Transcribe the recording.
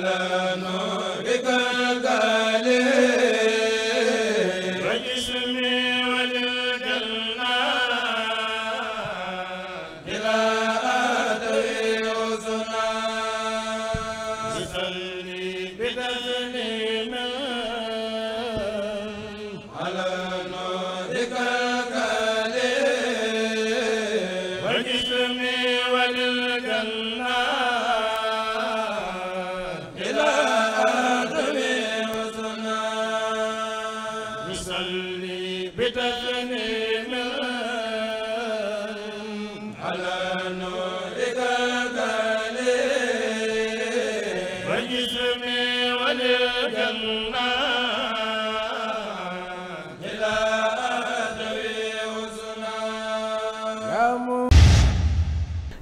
li صلي بتثنيه